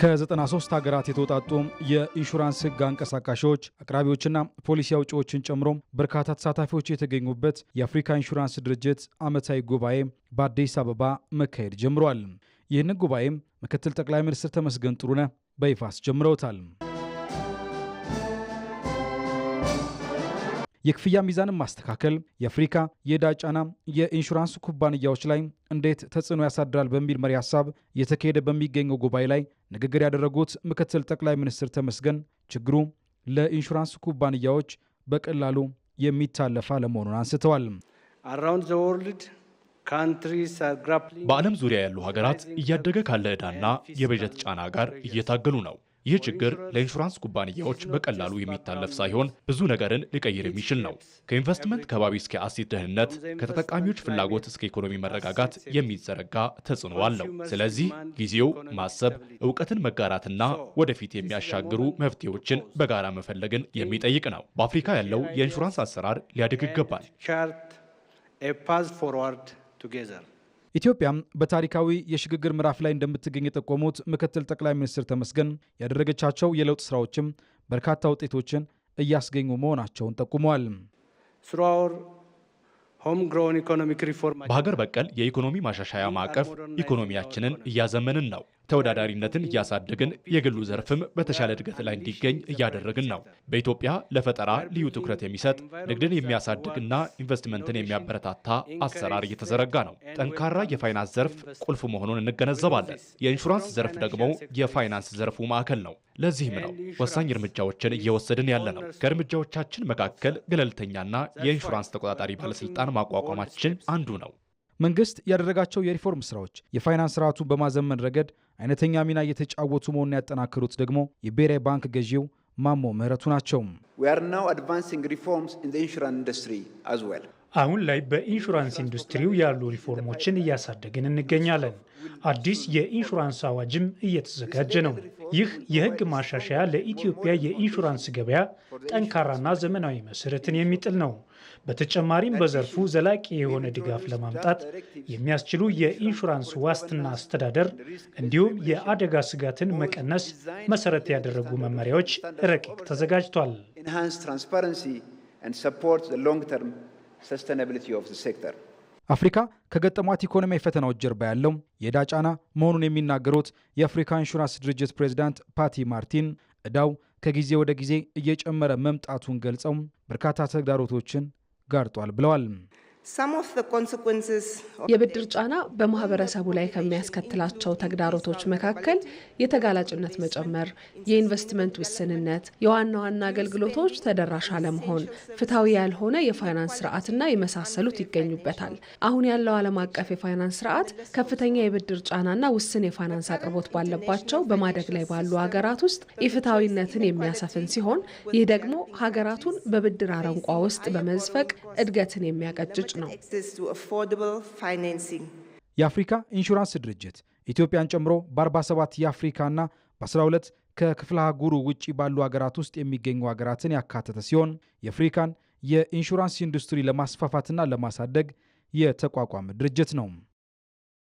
ከ93 ሀገራት የተውጣጡ የኢንሹራንስ ሕግ አንቀሳቃሾች አቅራቢዎችና ፖሊሲ አውጪዎችን ጨምሮ በርካታ ተሳታፊዎች የተገኙበት የአፍሪካ ኢንሹራንስ ድርጅት ዓመታዊ ጉባኤ በአዲስ አበባ መካሄድ ጀምሯል። ይህን ጉባኤም ምክትል ጠቅላይ ሚኒስትር ተመስገን ጥሩነህ በይፋ አስጀምረውታል። የክፍያ ሚዛንን ማስተካከል የአፍሪካ የዕዳ ጫና የኢንሹራንስ ኩባንያዎች ላይ እንዴት ተጽዕኖ ያሳድራል በሚል መሪ ሀሳብ እየተካሄደ በሚገኘው ጉባኤ ላይ ንግግር ያደረጉት ምክትል ጠቅላይ ሚኒስትር ተመስገን ችግሩ ለኢንሹራንስ ኩባንያዎች በቀላሉ የሚታለፍ አለመሆኑን አንስተዋል። በዓለም ዙሪያ ያሉ ሀገራት እያደገ ካለ ዕዳና የበጀት ጫና ጋር እየታገሉ ነው። ይህ ችግር ለኢንሹራንስ ኩባንያዎች በቀላሉ የሚታለፍ ሳይሆን ብዙ ነገርን ሊቀይር የሚችል ነው። ከኢንቨስትመንት ከባቢ እስከ አሴት ደህንነት፣ ከተጠቃሚዎች ፍላጎት እስከ ኢኮኖሚ መረጋጋት የሚዘረጋ ተጽዕኖ አለው። ስለዚህ ጊዜው ማሰብ፣ እውቀትን መጋራትና ወደፊት የሚያሻግሩ መፍትሄዎችን በጋራ መፈለግን የሚጠይቅ ነው። በአፍሪካ ያለው የኢንሹራንስ አሰራር ሊያድግ ይገባል። ኢትዮጵያም በታሪካዊ የሽግግር ምዕራፍ ላይ እንደምትገኝ የጠቆሙት ምክትል ጠቅላይ ሚኒስትር ተመስገን ያደረገቻቸው የለውጥ ስራዎችም በርካታ ውጤቶችን እያስገኙ መሆናቸውን ጠቁመዋል። በሀገር በቀል የኢኮኖሚ ማሻሻያ ማዕቀፍ ኢኮኖሚያችንን እያዘመንን ነው። ተወዳዳሪነትን እያሳደግን የግሉ ዘርፍም በተሻለ እድገት ላይ እንዲገኝ እያደረግን ነው። በኢትዮጵያ ለፈጠራ ልዩ ትኩረት የሚሰጥ ንግድን የሚያሳድግና ኢንቨስትመንትን የሚያበረታታ አሰራር እየተዘረጋ ነው። ጠንካራ የፋይናንስ ዘርፍ ቁልፍ መሆኑን እንገነዘባለን። የኢንሹራንስ ዘርፍ ደግሞ የፋይናንስ ዘርፉ ማዕከል ነው። ለዚህም ነው ወሳኝ እርምጃዎችን እየወሰድን ያለ ነው። ከእርምጃዎቻችን መካከል ገለልተኛና የኢንሹራንስ ተቆጣጣሪ ባለስልጣን ማቋቋማችን አንዱ ነው። መንግስት ያደረጋቸው የሪፎርም ስራዎች የፋይናንስ ስርዓቱን በማዘመን ረገድ አይነተኛ ሚና እየተጫወቱ መሆኑን ያጠናከሩት ደግሞ የብሔራዊ ባንክ ገዢው ማሞ ምህረቱ ናቸው። አሁን ላይ በኢንሹራንስ ኢንዱስትሪው ያሉ ሪፎርሞችን እያሳደግን እንገኛለን። አዲስ የኢንሹራንስ አዋጅም እየተዘጋጀ ነው። ይህ የሕግ ማሻሻያ ለኢትዮጵያ የኢንሹራንስ ገበያ ጠንካራና ዘመናዊ መሰረትን የሚጥል ነው። በተጨማሪም በዘርፉ ዘላቂ የሆነ ድጋፍ ለማምጣት የሚያስችሉ የኢንሹራንስ ዋስትና አስተዳደር እንዲሁም የአደጋ ስጋትን መቀነስ መሰረት ያደረጉ መመሪያዎች ረቂቅ ተዘጋጅቷል። ሰስተናብሊቲ ኦፍ ሴክተር አፍሪካ ከገጠሟት ኢኮኖሚያዊ ፈተናዎች ጀርባ ያለው የዕዳ ጫና መሆኑን የሚናገሩት የአፍሪካ ኢንሹራንስ ድርጅት ፕሬዚዳንት ፓቲ ማርቲን ዕዳው ከጊዜ ወደ ጊዜ እየጨመረ መምጣቱን ገልጸው በርካታ ተግዳሮቶችን ጋርጧል ብለዋል። የብድር ጫና በማህበረሰቡ ላይ ከሚያስከትላቸው ተግዳሮቶች መካከል የተጋላጭነት መጨመር፣ የኢንቨስትመንት ውስንነት፣ የዋና ዋና አገልግሎቶች ተደራሽ አለመሆን፣ ፍትሐዊ ያልሆነ የፋይናንስ ስርዓትና የመሳሰሉት ይገኙበታል። አሁን ያለው ዓለም አቀፍ የፋይናንስ ስርዓት ከፍተኛ የብድር ጫናና ውስን የፋይናንስ አቅርቦት ባለባቸው በማደግ ላይ ባሉ ሀገራት ውስጥ ኢፍትሐዊነትን የሚያሰፍን ሲሆን ይህ ደግሞ ሀገራቱን በብድር አረንቋ ውስጥ በመዝፈቅ እድገትን የሚያቀጭጭ ነው። የአፍሪካ ኢንሹራንስ ድርጅት ኢትዮጵያን ጨምሮ በ47 የአፍሪካና በ12 ከክፍለ አህጉሩ ውጭ ባሉ ሀገራት ውስጥ የሚገኙ ሀገራትን ያካተተ ሲሆን የአፍሪካን የኢንሹራንስ ኢንዱስትሪ ለማስፋፋትና ለማሳደግ የተቋቋመ ድርጅት ነው።